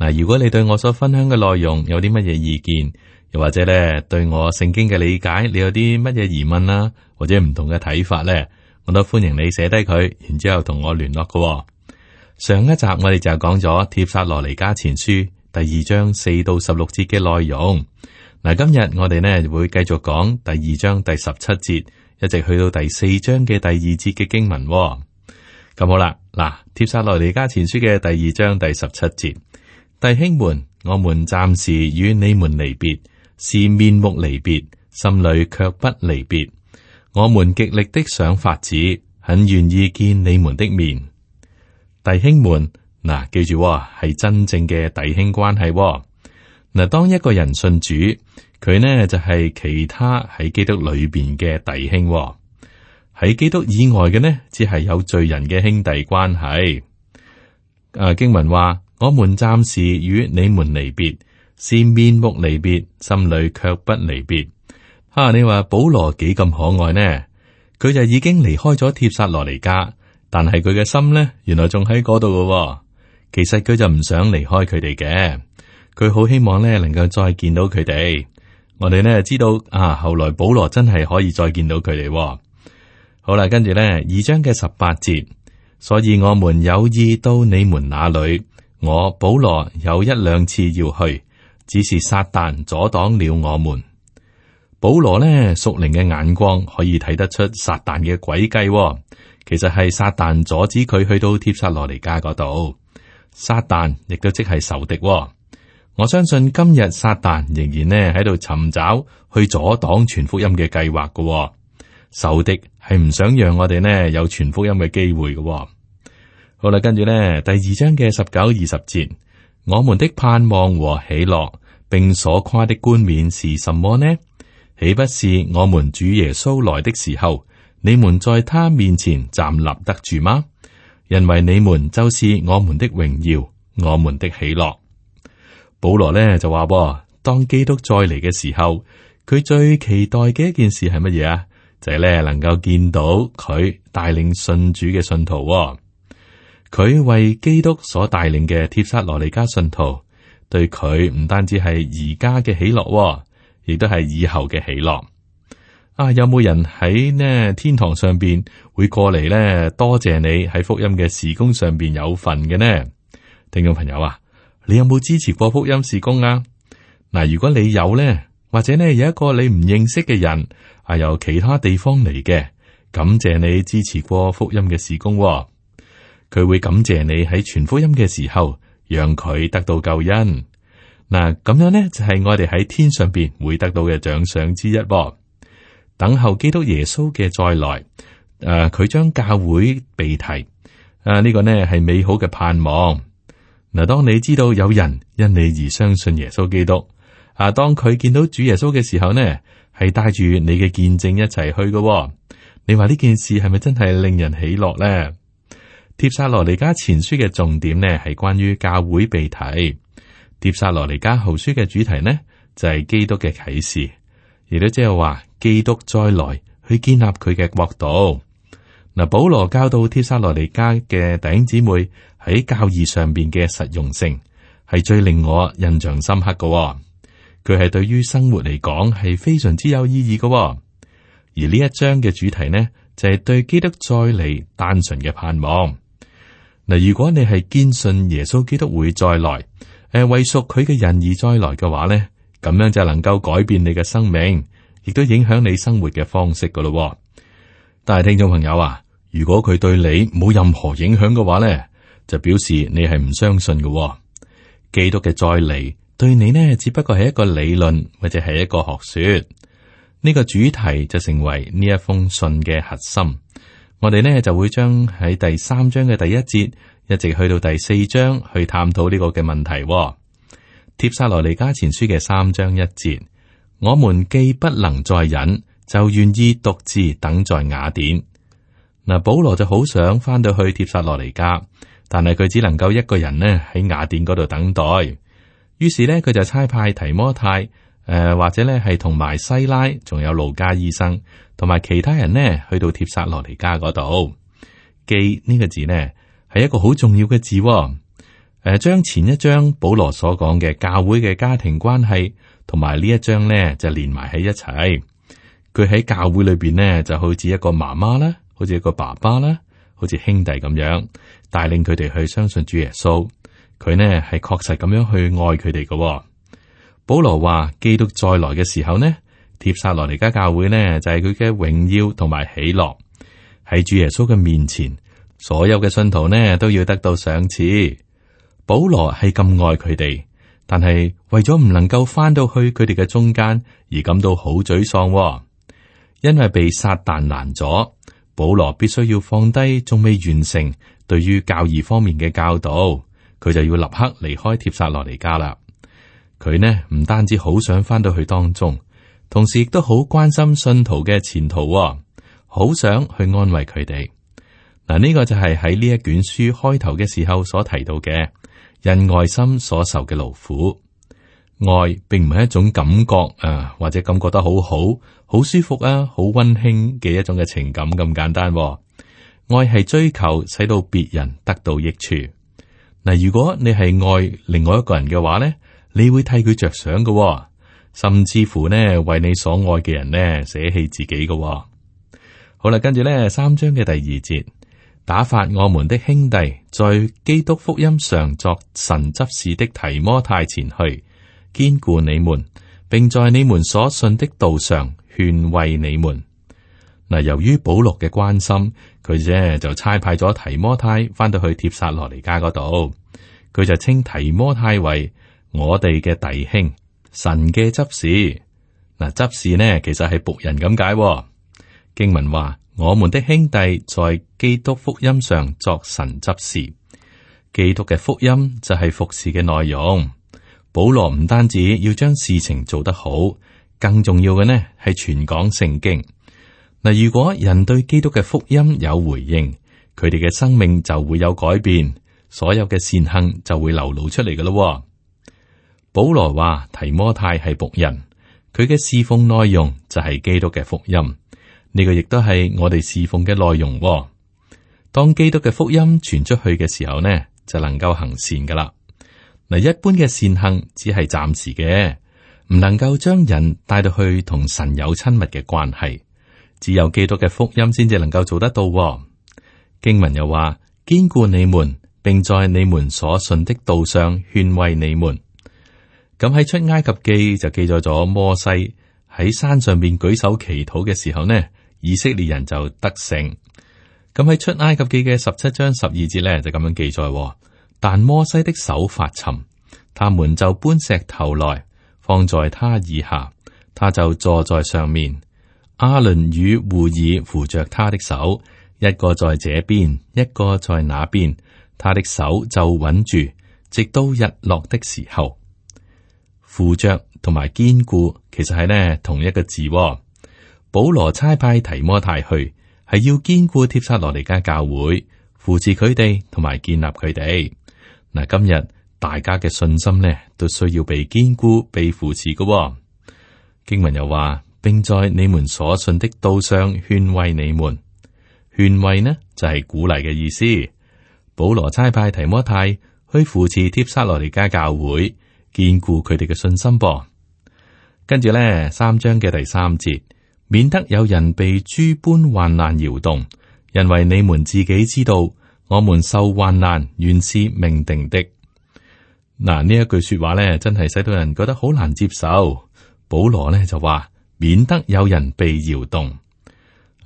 嗱，如果你對我所分享嘅內容有啲乜嘢意見，又或者咧對我聖經嘅理解，你有啲乜嘢疑問啦、啊，或者唔同嘅睇法咧，我都歡迎你寫低佢，然之後同我聯絡嘅、哦。上一集我哋就講咗《帖撒羅尼迦前書》第二章四到十六節嘅內容。嗱，今日我哋呢會繼續講第二章第十七節，一直去到第四章嘅第二節嘅經文、哦。咁好啦，嗱，《帖撒羅尼迦前書》嘅第二章第十七節。弟兄們，我們暫時與你們離別，是面目離別，心裏卻不離別。我們極力的想法子，很願意見你們的面。弟兄們，嗱，記住喎係真正嘅弟兄關係。嗱，當一個人信主，佢呢就係其他喺基督裏邊嘅弟兄。喺基督以外嘅呢，只係有罪人嘅兄弟關係。啊，經文話。我們暫時與你們離別，是面目離別，心裏卻不離別。哈、啊，你話保羅幾咁可愛呢？佢就已經離開咗帖撒羅尼加，但係佢嘅心呢，原來仲喺嗰度噶。其實佢就唔想離開佢哋嘅，佢好希望呢能夠再見到佢哋。我哋呢知道啊，後來保羅真係可以再見到佢哋，哦。好啦，跟住呢，二章嘅十八節，所以我們有意到你們那裡。我保羅有一兩次要去，只是撒旦阻擋了我們。保羅呢，屬靈嘅眼光可以睇得出撒旦嘅詭計，其實係撒旦阻止佢去到帖撒羅尼迦嗰度。撒旦亦都即係仇敵、哦。我相信今日撒旦仍然呢喺度尋找去阻擋全福音嘅計劃嘅仇敵，係唔想讓我哋呢有全福音嘅機會嘅、哦。好啦，跟住咧，第二章嘅十九、二十節，我們的盼望和喜樂，並所誇的冠冕是什麼呢？豈不是我們主耶穌來的時候，你們在他面前站立得住嗎？因為你們就是我們的榮耀，我們的喜樂。保羅咧就話，噃，當基督再嚟嘅時候，佢最期待嘅一件事係乜嘢啊？就係咧，能夠見到佢帶領信主嘅信徒。佢為基督所帶領嘅帖撒羅尼迦信徒，對佢唔單止係而家嘅喜樂、哦，亦都係以後嘅喜樂。啊，有冇人喺呢天堂上邊會過嚟呢？多謝你喺福音嘅時工上邊有份嘅呢？聽眾朋友啊，你有冇支持過福音時工啊？嗱、啊，如果你有呢，或者呢有一個你唔認識嘅人係、啊、由其他地方嚟嘅，感謝你支持過福音嘅時工、哦。佢會感謝你喺全福音嘅時候，讓佢得到救恩。嗱，咁樣呢，就係、是、我哋喺天上邊會得到嘅獎賞之一。等候基督耶穌嘅再來，誒、啊，佢將教會被提。誒、啊、呢、這個呢，係美好嘅盼望。嗱、啊，當你知道有人因你而相信耶穌基督，啊，當佢見到主耶穌嘅時候呢，係帶住你嘅見證一齊去嘅。你話呢件事係咪真係令人喜樂呢？帖撒羅尼迦前書嘅重點呢係關於教會被提，帖撒羅尼迦後書嘅主題呢就係、是、基督嘅啟示，亦都即係話基督再來去建立佢嘅國度。嗱，保羅教導帖撒羅尼迦嘅弟兄姊妹喺教義上邊嘅實用性係最令我印象深刻嘅、哦，佢係對於生活嚟講係非常之有意義嘅、哦。而呢一章嘅主題呢就係、是、對基督再來單純嘅盼望。嗱，如果你係堅信耶穌基督會再來，誒為屬佢嘅人而再來嘅話咧，咁樣就能夠改變你嘅生命，亦都影響你生活嘅方式噶咯。但係聽眾朋友啊，如果佢對你冇任何影響嘅話咧，就表示你係唔相信嘅。基督嘅再嚟對你呢，只不過係一個理論或者係一個學說。呢個主題就成為呢一封信嘅核心。我哋呢就會將喺第三章嘅第一節，一直去到第四章去探討呢個嘅問題、哦。帖撒羅尼加前書嘅三章一節，我們既不能再忍，就願意獨自等在雅典。嗱，保羅就好想翻到去帖撒羅尼加，但係佢只能夠一個人呢喺雅典嗰度等待。於是呢，佢就差派提摩太，誒、呃、或者呢係同埋西拉，仲有路加醫生。同埋其他人呢，去到帖撒羅尼迦嗰度，記呢個字呢，係一個好重要嘅字、哦。誒、呃，將前一章保羅所講嘅教會嘅家庭關係，同埋呢一章呢就連埋喺一齊。佢喺教會裏邊呢，就好似一個媽媽啦，好似一個爸爸啦，好似兄弟咁樣帶領佢哋去相信主耶穌。佢呢係確實咁樣去愛佢哋嘅。保羅話：基督再來嘅時候呢？帖撒羅尼迦教會呢，就係佢嘅榮耀同埋喜樂喺主耶穌嘅面前，所有嘅信徒呢都要得到賞賜。保羅係咁愛佢哋，但係為咗唔能夠翻到去佢哋嘅中間，而感到好沮喪、哦，因為被撒但攔咗，保羅必須要放低仲未完成對於教義方面嘅教導，佢就要立刻離開帖撒羅尼迦啦。佢呢唔單止好想翻到去當中。同時亦都好關心信徒嘅前途喎，好想去安慰佢哋。嗱，呢個就係喺呢一卷書開頭嘅時候所提到嘅人愛心所受嘅勞苦。愛並唔係一種感覺啊，或者感覺得好好、好舒服啊、好温馨嘅一種嘅情感咁簡單喎。愛係追求使到別人得到益處。嗱，如果你係愛另外一個人嘅話咧，你會替佢着想嘅喎。甚至乎呢，為你所愛嘅人捨棄呢，捨棄自己嘅。好啦，跟住呢，三章嘅第二節，打發我們的兄弟在基督福音上作神執事的提摩太前去，堅固你們，並在你們所信的道上勸慰你們。嗱，由於保羅嘅關心，佢啫就差派咗提摩太翻到去帖撒羅尼迦嗰度，佢就稱提摩太為我哋嘅弟兄。神嘅執事，嗱執事呢，其實係僕人咁解喎。經文話：我們的兄弟在基督福音上作神執事，基督嘅福音就係服侍嘅內容。保羅唔單止要將事情做得好，更重要嘅呢係傳講聖經。嗱，如果人對基督嘅福音有回應，佢哋嘅生命就會有改變，所有嘅善行就會流露出嚟噶咯。保羅話：提摩太係僕人，佢嘅侍奉內容就係基督嘅福音。呢個亦都係我哋侍奉嘅內容喎。當基督嘅福音傳出去嘅時候呢，就能夠行善噶啦。嗱，一般嘅善行只係暫時嘅，唔能夠將人帶到去同神有親密嘅關係。只有基督嘅福音先至能夠做得到喎。經文又話：堅固你們，並在你們所信的道上勸慰你們。咁喺出埃及記就記載咗摩西喺山上面舉手祈禱嘅時候呢，以色列人就得勝。咁喺出埃及記嘅十七章十二節呢，就咁樣記載。但摩西的手發沉，他們就搬石頭來放在他以下，他就坐在上面。阿倫與胡爾扶着他的手，一個在這邊，一個在那邊，他的手就穩住，直到日落的時候。扶着同埋堅固其實係呢同一個字、哦。保羅差派提摩太去，係要堅固帖撒羅尼迦教會，扶持佢哋同埋建立佢哋。嗱，今日大家嘅信心呢，都需要被堅固、被扶持嘅、哦。經文又話，並在你們所信的道上勸慰你們。勸慰呢就係、是、鼓勵嘅意思。保羅差派提摩太去扶持帖撒羅尼迦教會。堅固佢哋嘅信心噃，跟住咧三章嘅第三節，免得有人被諸般患難搖動，因為你們自己知道，我們受患難原是命定的。嗱呢一句說話咧，真係使到人覺得好難接受。保羅呢，就話，免得有人被搖動。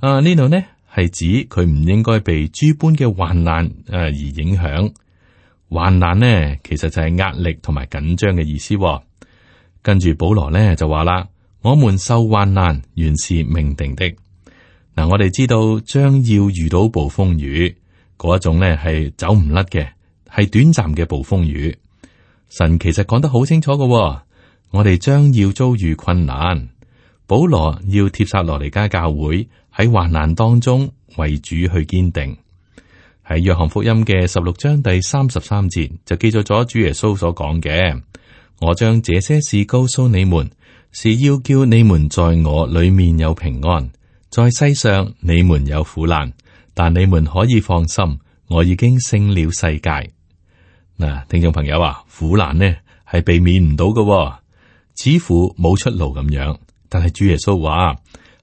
啊呢度呢，係指佢唔應該被諸般嘅患難誒、呃、而影響。患難呢，其實就係壓力同埋緊張嘅意思、哦。跟住保羅呢就話啦：我們受患難原是命定的。嗱、嗯，我哋知道將要遇到暴風雨嗰一種呢係走唔甩嘅，係短暫嘅暴風雨。神其實講得好清楚嘅、哦，我哋將要遭遇困難。保羅要帖撒羅尼迦教會喺患難當中為主去堅定。喺約翰福音嘅十六章第三十三節就記咗咗主耶穌所講嘅。我將這些事告訴你們，是要叫你們在我裏面有平安。在世上你們有苦難，但你們可以放心，我已經勝了世界。嗱，聽眾朋友啊，苦難呢係避免唔到嘅，似乎冇出路咁樣。但係主耶穌話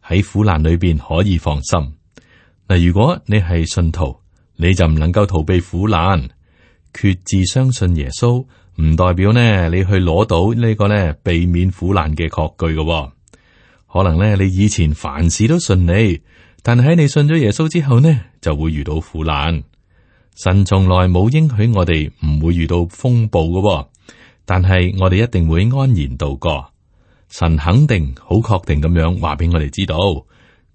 喺苦難裏邊可以放心嗱。如果你係信徒，你就唔能夠逃避苦難，決志相信耶穌唔代表呢，你去攞到呢個呢避免苦難嘅確據嘅。可能呢，你以前凡事都順利，但喺你信咗耶穌之後呢，就會遇到苦難。神從來冇應許我哋唔會遇到風暴嘅，但係我哋一定會安然度過。神肯定、好確定咁樣話俾我哋知道，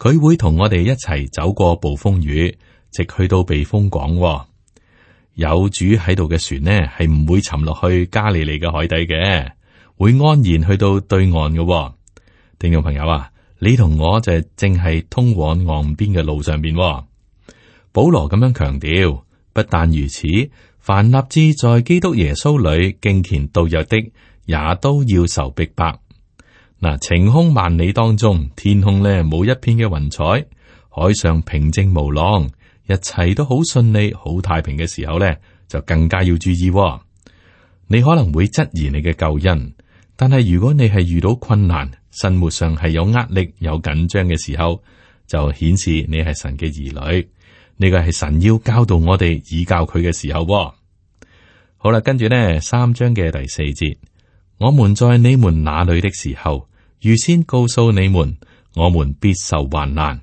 佢會同我哋一齊走過暴風雨。直去到避風港、哦，有主喺度嘅船呢，係唔會沉落去加利利嘅海底嘅，會安然去到對岸嘅、哦。聽眾朋友啊，你同我就正係通往岸邊嘅路上面、哦。保羅咁樣強調，不但如此，凡立志在基督耶穌裏敬虔度日的，也都要受逼迫白。嗱、呃，晴空萬里當中，天空呢冇一片嘅雲彩，海上平靜無浪。一切都好順利，好太平嘅時候呢，就更加要注意、哦。你可能會質疑你嘅救恩，但係如果你係遇到困難，生活上係有壓力、有緊張嘅時候，就顯示你係神嘅兒女。呢、這個係神要教導我哋，以教佢嘅時候、哦。好啦，跟住呢三章嘅第四節，我們在你們那裡的時候，預先告訴你們，我們必受患難。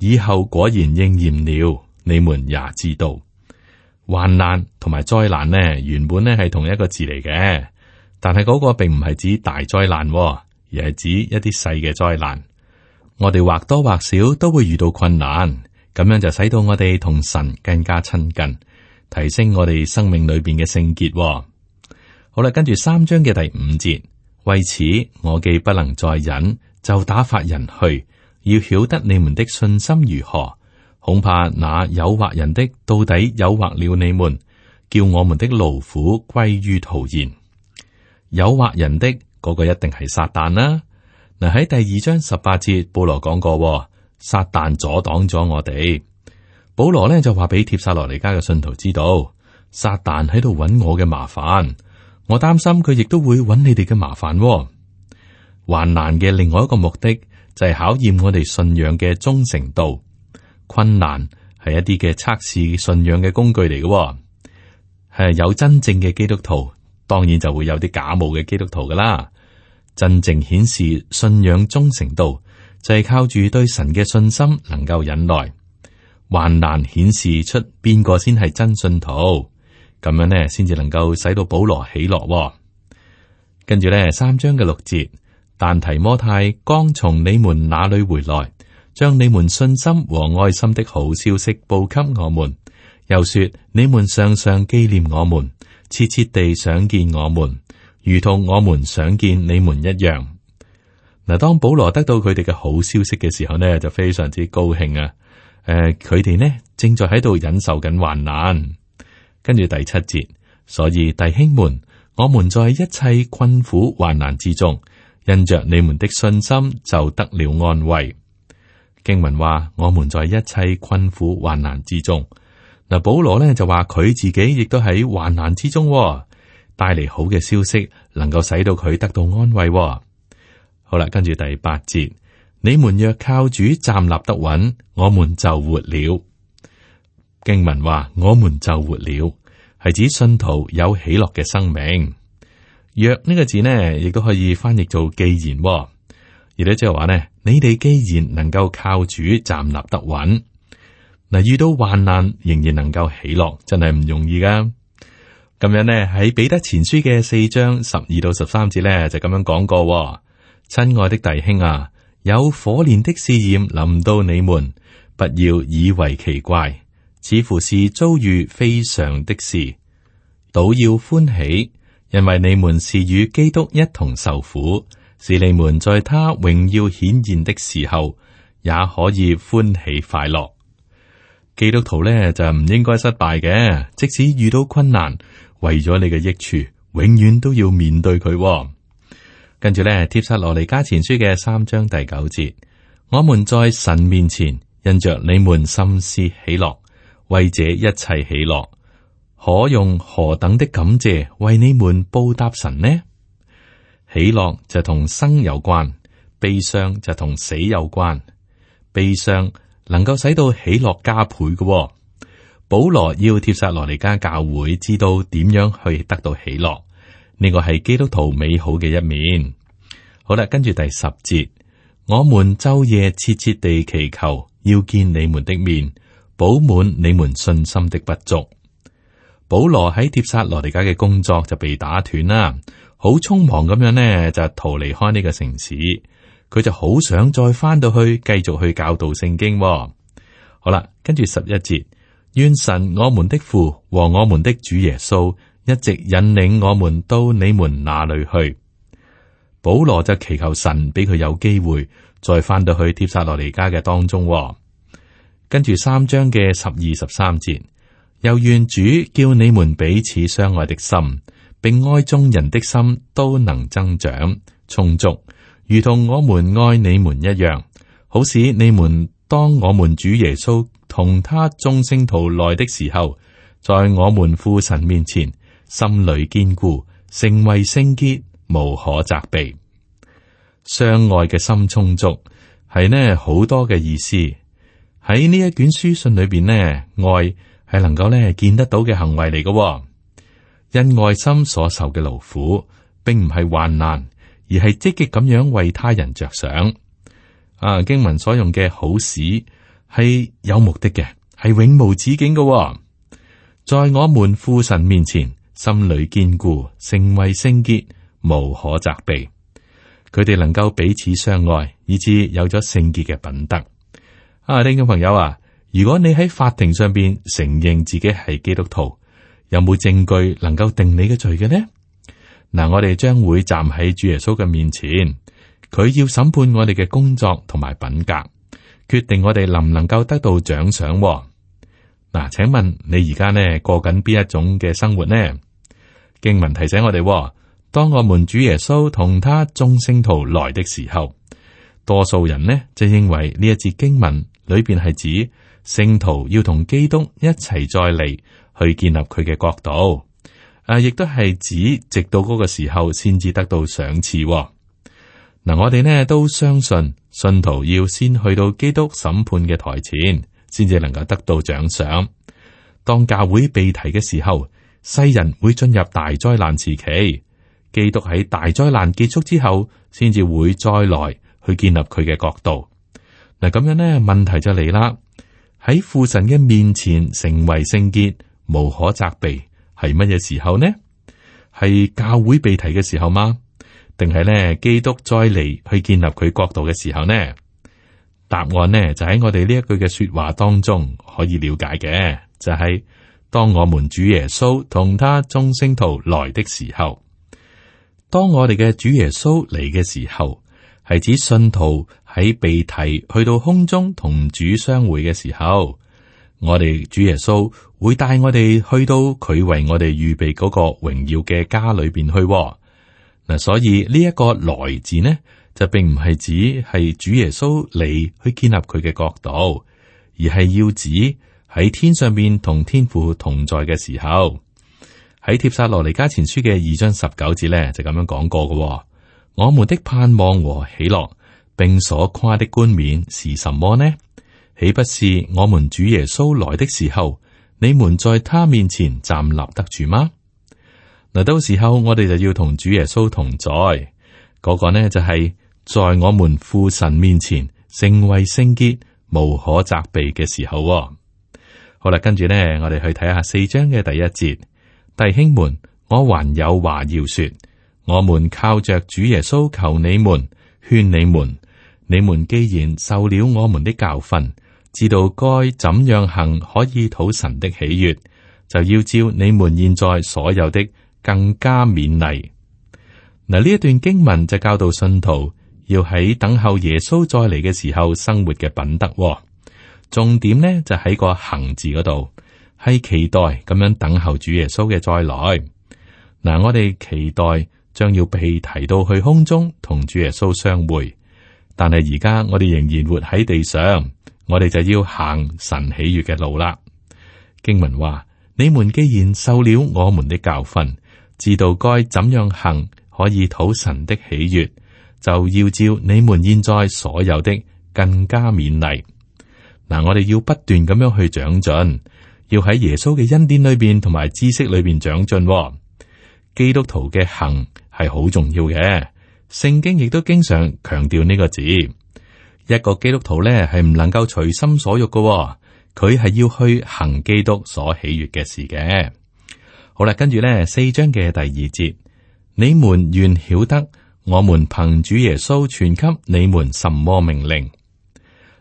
以後果然應驗了。你們也知道，患難同埋災難呢，原本呢係同一個字嚟嘅，但係嗰個並唔係指大災難哦，而係指一啲細嘅災難。我哋或多或少都會遇到困難，咁樣就使到我哋同神更加親近，提升我哋生命裏邊嘅聖潔。好啦，跟住三章嘅第五節，為此我既不能再忍，就打發人去，要曉得你們的信心如何。恐怕那誘惑人的到底誘惑了你們，叫我們的勞苦歸於徒然。誘惑人的嗰、那個一定係撒旦啦、啊。嗱，喺第二章十八節，保羅講過，撒旦阻擋咗我哋。保羅咧就話俾帖撒羅尼迦嘅信徒知道，撒旦喺度搵我嘅麻煩，我擔心佢亦都會搵你哋嘅麻煩。患難嘅另外一個目的就係、是、考驗我哋信仰嘅忠誠度。困難係一啲嘅測試信仰嘅工具嚟嘅，哦，係有真正嘅基督徒，當然就會有啲假冒嘅基督徒噶啦。真正顯示信仰忠誠度，就係、是、靠住對神嘅信心能夠忍耐。患難顯示出邊個先係真信徒，咁樣呢，先至能夠使到保羅喜樂，哦。跟住呢三章嘅六節，但提摩太剛從你們那裏回來。將你們信心和愛心的好消息報給我們，又說你們常常紀念我們，切切地想見我們，如同我們想見你們一樣。嗱，當保羅得到佢哋嘅好消息嘅時候呢，就非常之高興啊。誒、呃，佢哋呢，正在喺度忍受緊患難，跟住第七節，所以弟兄們，我們在一切困苦患難之中，因着你們的信心就得了安慰。經文話：我們在一切困苦患難之中，嗱，保羅咧就話佢自己亦都喺患難之中，哦，帶嚟好嘅消息，能夠使到佢得到安慰，哦。好啦，跟住第八節，你們若靠主站立得穩，我們就活了。經文話：我們就活了，係指信徒有喜樂嘅生命。若呢個字呢，亦都可以翻譯做既然，而咧即係話咧。你哋既然能夠靠主站立得穩，遇到患難仍然能夠喜樂，真係唔容易噶。咁樣呢，喺彼得前書嘅四章十二到十三節呢，就咁樣講過、哦，親愛的弟兄啊，有火煉的試驗臨到你們，不要以為奇怪，似乎是遭遇非常的事，倒要歡喜，因為你們是與基督一同受苦。是你們在他榮耀顯現的時候，也可以歡喜快樂。基督徒呢，就唔應該失敗嘅，即使遇到困難，為咗你嘅益處，永遠都要面對佢喎。跟住呢，帖撒羅尼迦前書嘅三章第九節，我們在神面前因着你們甚是喜樂，為這一切喜樂，可用何等的感謝為你們報答神呢？喜樂就同生有關，悲傷就同死有關。悲傷能夠使到喜樂加倍嘅、哦。保羅要帖撒羅尼迦教會知道點樣去得到喜樂，呢、這個係基督徒美好嘅一面。好啦，跟住第十節，我們晝夜切切地祈求，要見你們的面，補滿你們信心的不足。保羅喺帖撒羅尼迦嘅工作就被打斷啦。好匆忙咁樣呢，就逃離開呢個城市。佢就好想再翻到去，繼續去教導聖經、哦。好啦，跟住十一節，願神我們的父和我們的主耶穌一直引領我們到你們那裏去。保羅就祈求神俾佢有機會再翻到去帖撒羅尼迦嘅當中、哦。跟住三章嘅十二十三節，又願主叫你們彼此相愛的心。並愛中人的心都能增長充足，如同我們愛你們一樣，好使你們當我們主耶穌同他眾聖徒來的時候，在我們父神面前心裏堅固，成為聖潔，無可責備。相愛嘅心充足係呢好多嘅意思喺呢一卷書信裏邊呢，愛係能夠呢見得到嘅行為嚟嘅。因愛心所受嘅勞苦，並唔係患難，而係積極咁樣為他人着想。啊，經文所用嘅好使係有目的嘅，係永無止境嘅、哦。在我們父神面前，心裏堅固，成為聖潔，無可責備。佢哋能夠彼此相愛，以至有咗聖潔嘅品德。啊，聽眾朋友啊，如果你喺法庭上邊承認自己係基督徒。有冇證據能夠定你嘅罪嘅呢？嗱、嗯，我哋將會站喺主耶穌嘅面前，佢要審判我哋嘅工作同埋品格，決定我哋能唔能夠得到獎賞。嗱、嗯，請問你而家呢過緊邊一種嘅生活呢？經文提醒我哋，當我們主耶穌同他眾聖徒來的時候，多數人呢即係認為呢一節經文裏邊係指聖徒要同基督一齊再嚟。去建立佢嘅國度，誒、啊，亦都係指直到嗰個時候先至得到賞賜，哦。嗱、啊，我哋呢都相信信徒要先去到基督審判嘅台前，先至能夠得到獎賞。當教會被提嘅時候，世人會進入大災難時期。基督喺大災難結束之後，先至會再來去建立佢嘅國度。嗱、啊，咁樣呢，問題就嚟啦。喺父神嘅面前成為聖潔無可責備，係乜嘢時候呢？係教會被提嘅時候嗎？定係呢？基督再嚟去建立佢國度嘅時候呢？答案呢就喺我哋呢一句嘅說話當中可以了解嘅，就係、是、當我們主耶穌同他眾聖徒來的時候，當我哋嘅主耶穌嚟嘅時候，係指信徒喺被提去到空中同主相會嘅時候。我哋主耶穌會帶我哋去到佢為我哋預備嗰個榮耀嘅家裏邊去嗱，哦，所以呢一，這個來字呢就並唔係指係主耶穌嚟，去建立佢嘅國度，而係要指喺天上面同天父同在嘅時候，喺帖撒羅尼迦前書嘅二章十九節咧就咁樣講過嘅，哦，我們的盼望和喜樂並所誇的冠冕是什麼呢？豈不是我們主耶穌來的時候，你們在他面前站立得住嗎？嗱，到時候我哋就要同主耶穌同在，嗰、那個呢就係、是、在我們父神面前成為聖潔無可責備嘅時候、哦。好啦，跟住呢，我哋去睇下四章嘅第一節，弟兄們，我還有話要說。我們靠着主耶穌求你們，勸你們，你們既然受了我們的教訓。知道該怎樣行，可以討神的喜悅，就要照你們現在所有的更加勉勵。嗱，呢一段經文就教導信徒要喺等候耶穌再嚟嘅時候生活嘅品德。重點呢，就喺個行字嗰度，係期待咁樣等候主耶穌嘅再來。嗱、嗯，我哋期待將要被提到去空中同主耶穌相會，但係而家我哋仍然活喺地上。我哋就要行神喜悅嘅路啦。經文話：你們既然受了我們的教訓，知道該怎樣行，可以討神的喜悦，就要照你們現在所有的更加勉勵。嗱，我哋要不斷咁樣去長進，要喺耶穌嘅恩典裏邊同埋知識裏邊長進。基督徒嘅行係好重要嘅，聖經亦都經常強調呢個字。一個基督徒咧，係唔能夠隨心所欲嘅、哦，佢係要去行基督所喜悅嘅事嘅。好啦，跟住咧四章嘅第二節，你們原曉得，我們憑主耶穌傳給你們什麼命令？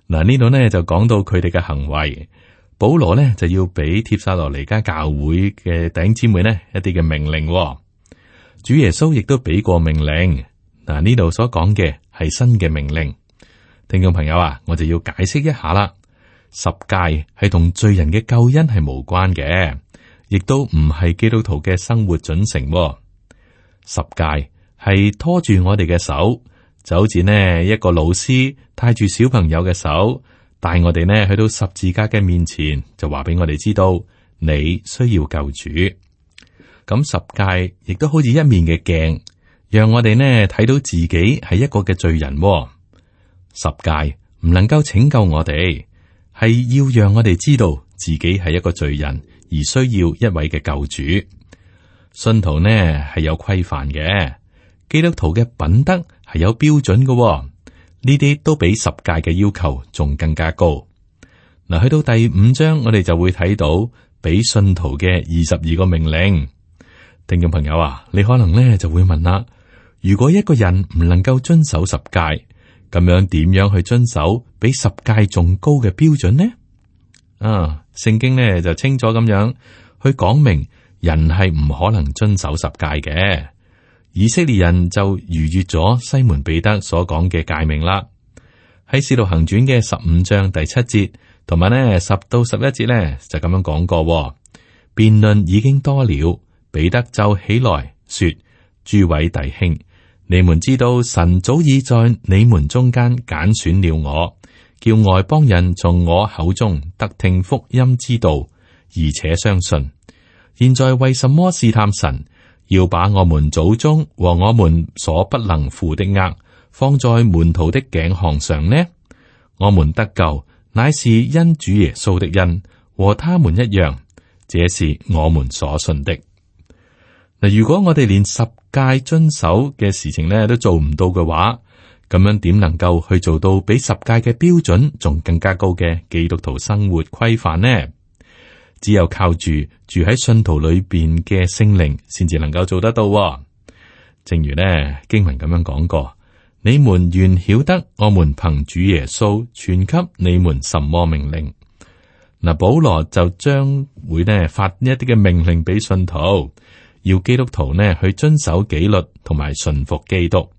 嗱、嗯，呢度呢，就講到佢哋嘅行為。保羅呢，就要俾帖撒羅尼迦教會嘅弟兄姊妹呢，一啲嘅命令、哦。主耶穌亦都俾過命令。嗱，呢度所講嘅係新嘅命令。聽眾朋友啊，我就要解釋一下啦。十誡係同罪人嘅救恩係無關嘅，亦都唔係基督徒嘅生活準繩啊。十誡係拖住我哋嘅手，就好似呢一個老師帶住小朋友嘅手，帶我哋呢去到十字架嘅面前，就話俾我哋知道你需要救主。咁十誡亦都好似一面嘅鏡，讓我哋呢睇到自己係一個嘅罪人啊。十戒唔能夠拯救我哋，係要讓我哋知道自己係一個罪人，而需要一位嘅救主。信徒呢係有規範嘅，基督徒嘅品德係有標準嘅，哦，呢啲都比十戒嘅要求仲更加高。嗱，去到第五章，我哋就會睇到畀信徒嘅二十二個命令。聽眾朋友啊，你可能呢就會問啦、啊：如果一個人唔能夠遵守十戒，咁樣點樣去遵守比十誡仲高嘅標準呢？啊，聖經呢就清楚咁樣去講明，人係唔可能遵守十誡嘅。以色列人就逾越咗西門彼得所講嘅誡名啦。喺《使徒行傳》嘅十五章第七節同埋呢十到十一節呢就咁樣講過，辯論已經多了，彼得就起來說：諸位弟兄。你們知道神早已在你們中間揀選了我，叫外邦人從我口中得聽福音之道，而且相信。現在為什麼試探神，要把我們祖宗和我們所不能負的軛放在門徒的頸項上呢？我們得救乃是因主耶穌的恩，和他們一樣，這是我們所信的。嗱，如果我哋連十戒遵守嘅事情咧都做唔到嘅話，咁樣點能夠去做到比十戒嘅標準仲更加高嘅基督徒生活規範呢？只有靠住住喺信徒裏邊嘅聖靈，先至能夠做得到。正如呢經文咁樣講過，你們原曉得我們憑主耶穌傳給你們什麼命令。嗱，保羅就將會呢發一啲嘅命令俾信徒。要基督徒呢去遵守紀律同埋順服基督，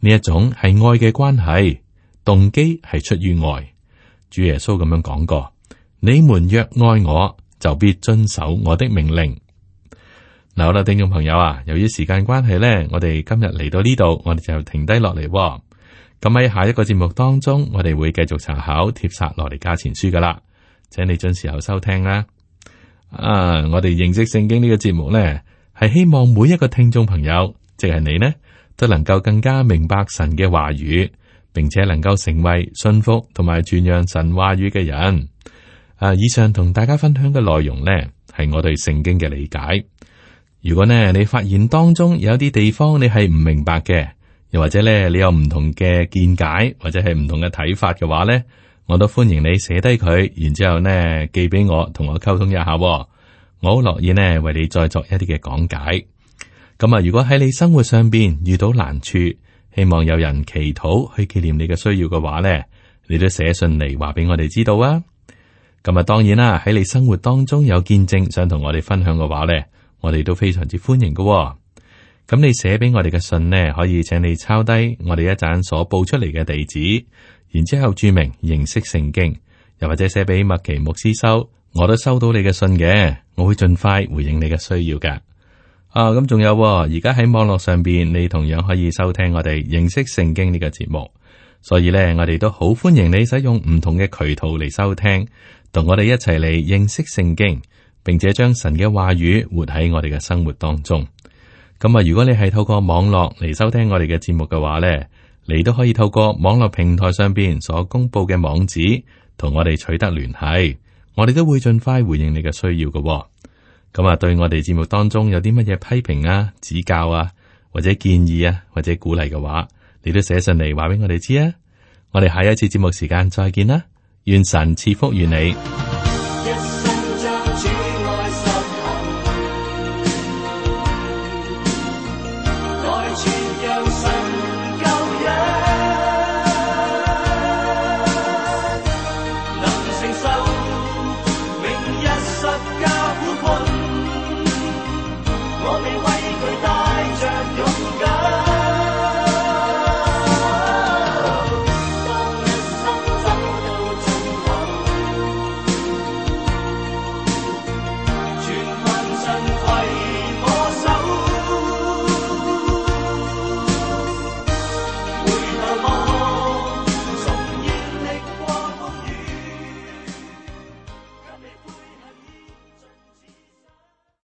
呢一種係愛嘅關係，動機係出於愛。主耶穌咁樣講過：你們若愛我，就必遵守我的命令。嗱好啦，聽眾朋友啊，由於時間關係呢，我哋今日嚟到呢度，我哋就停低落嚟。咁喺下一個節目當中，我哋會繼續查考《帖撒羅尼迦前書》噶啦，請你準時候收聽啦。啊，我哋認識聖經呢個節目呢，係希望每一個聽眾朋友，即係你呢，都能夠更加明白神嘅話語，並且能夠成為信服同埋傳揚神話語嘅人。啊，以上同大家分享嘅內容呢，係我對聖經嘅理解。如果呢，你發現當中有啲地方你係唔明白嘅，又或者呢，你有唔同嘅見解或者係唔同嘅睇法嘅話呢，我都歡迎你寫低佢，然之後呢，寄俾我，同我溝通一下喎。我好樂意呢，為你再作一啲嘅講解。咁、嗯、啊，如果喺你生活上邊遇到難處，希望有人祈禱去紀念你嘅需要嘅話呢，你都寫信嚟話俾我哋知道啊。咁、嗯、啊，當然啦，喺你生活當中有見證想同我哋分享嘅話呢，我哋都非常之歡迎嘅、哦。咁、嗯、你寫俾我哋嘅信呢，可以請你抄低我哋一陣所報出嚟嘅地址，然之後注明認識聖經，又或者寫俾麥奇牧師收。我都收到你嘅信嘅，我會盡快回應你嘅需要噶。啊，咁仲有而家喺網絡上邊，你同樣可以收聽我哋認識聖經呢個節目。所以咧，我哋都好歡迎你使用唔同嘅渠道嚟收聽，同我哋一齊嚟認識聖經，並且將神嘅話語活喺我哋嘅生活當中。咁啊，如果你係透過網絡嚟收聽我哋嘅節目嘅話咧，你都可以透過網絡平台上邊所公布嘅網址，同我哋取得聯繫。我哋都會盡快回應你嘅需要嘅，哦。咁啊，對我哋節目當中有啲乜嘢批評啊、指教啊，或者建議啊，或者鼓勵嘅話，你都寫上嚟，話俾我哋知啊。我哋下一次節目時間再見啦。願神賜福於你。